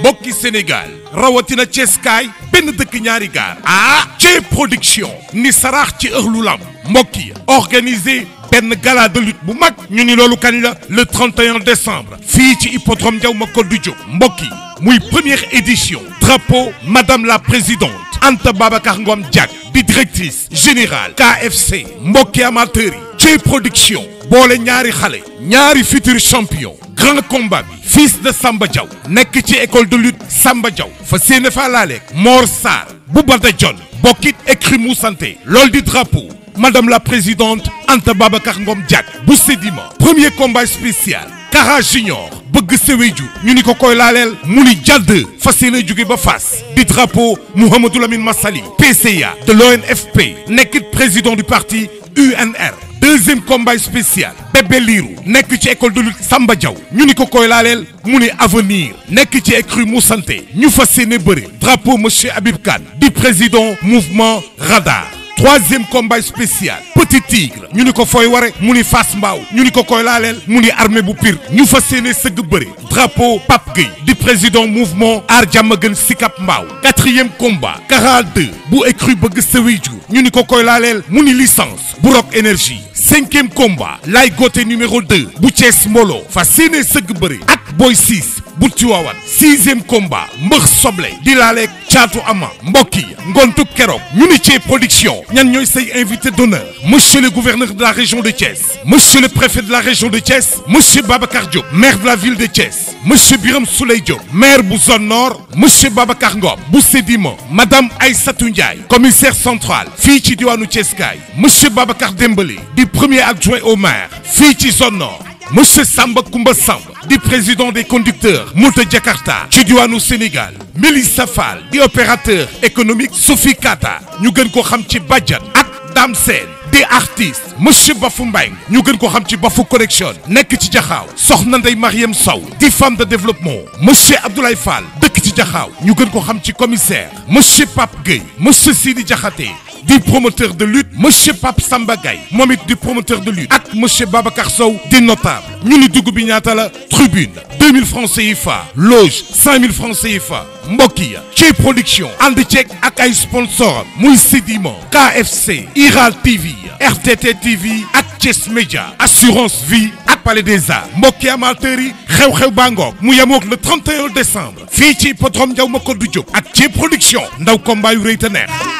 mbokki Sénégal rawatina Ceeskaay benn dëkk ñaari gaar ah Thiès production ni saraax ci ëxlu lamb yi organisé benn gala de lutte bu mag ñu ni loolu kañ la le 31 décembre fii ci hippodrome Ndiaw Macodou Diop mbokk yi muy première édition drapeau madame la présidente Anta Babacar Ngom Diack di directrice générale KFC mbokki amateurs yi ci production boole ñaari xale ñaari futur champion grand combat bi fils de Samba Diaw nekk ci école de lutte Samba Diaw fa séene fa laaleeg Mor Sarr bu Bada John bokkit écrit mu santé loolu di drapeau madame la présidente Anta Babacar Ngom Diack bu Sédima premier combat spécial Kara Junior bëgg Séwéju ñu ni ko koy laaleel mu ni jàdd fas yéene jóge ba fas di drapeau Mouhamadou Lamine Massali PCA de l'ONFP nekkit président du parti UNR deuxième combat spécial bébé liiru nekk ci école de lutte Samba Diaw ñu ni ko koy laaleel mu ni avenir nekk ci écrue Moussante ñu fas yéene bëre drapeau monsieur Habib Kane di président mouvement Radar troisième combat spécial petit tigre ñu ni ko fooy ware mu ni Fass Mbao ñu ni ko koy laaleel mu ni armée bu pire ñu fas yéene sëgg bëre drapeau Pape Gueye di président mouvement Aar Jàmmagën Sikap Mbao quatrième combat 42 bu écrue bëgg Sewiju ñu ni ko koy laaleel mu ni licence bu énergie cinquième combat laay goote numéro 2 bu Thiès Mbolo fa séenee sëgg bëri ak Boy 6 bu Tiwaawan sixième combat mbëx soble di laalee caatu ama mbokk yi ngontu keroog Munitier production ñan ñooy say invité d'honneur monsieur le gouverneur de la région de Thiès monsieur le préfet de la région de Thiès monsieur Babacar Diop maire de la ville de Thiès monsieur Birame Souleye Diop maire bu zone nord monsieur Babacar Ngom bu Sédima madame Aïssatou Ndiaye commissaire central fii ci diwaanu Thiès kaay monsieur Babacar Dembélé di premier adjoint au maire fii ci zone nord monsieur Samba Koumba Samba di président des conducteurs Mouta Jakarta ci diwaanu Sénégal Mélissa Fall di opérateur économique sufi Kata ñu gën ko xam ci Badiane ak Dame Sène di artiste monsieur Bafou Mbengue ñu gën ko xam ci Bafou Connection nekk ci Jaxaaw soxna Ndey Mariam Sow di femme de développement monsieur Abdoulaye fal dëkk ci Jaxaaw ñu gën ko xam ci commissaire monsieur Pape Gueye monsieur Sidi Diakhaté di promoteur de lutte monsieur Pape Samba Gaye moom it di promoteur de lutte ak monsieur Babacar Sow di notable ñu ni dugg bi ñaata la tribune 2000 francs CFA loge 5000 francs CFA mbokk yi ci production ànd ceeg ak ay sponsor muy Sédiment KFC Iral TV RTT TV ak Thiès Média assurance vi ak Palais des Arts mbokki amateurs yi xew-xew bangoog mu yemook le 31 décembre fii ci Podrom Ndiaw ma ko du jóg ak ci production ndaw combat yu rëy te neex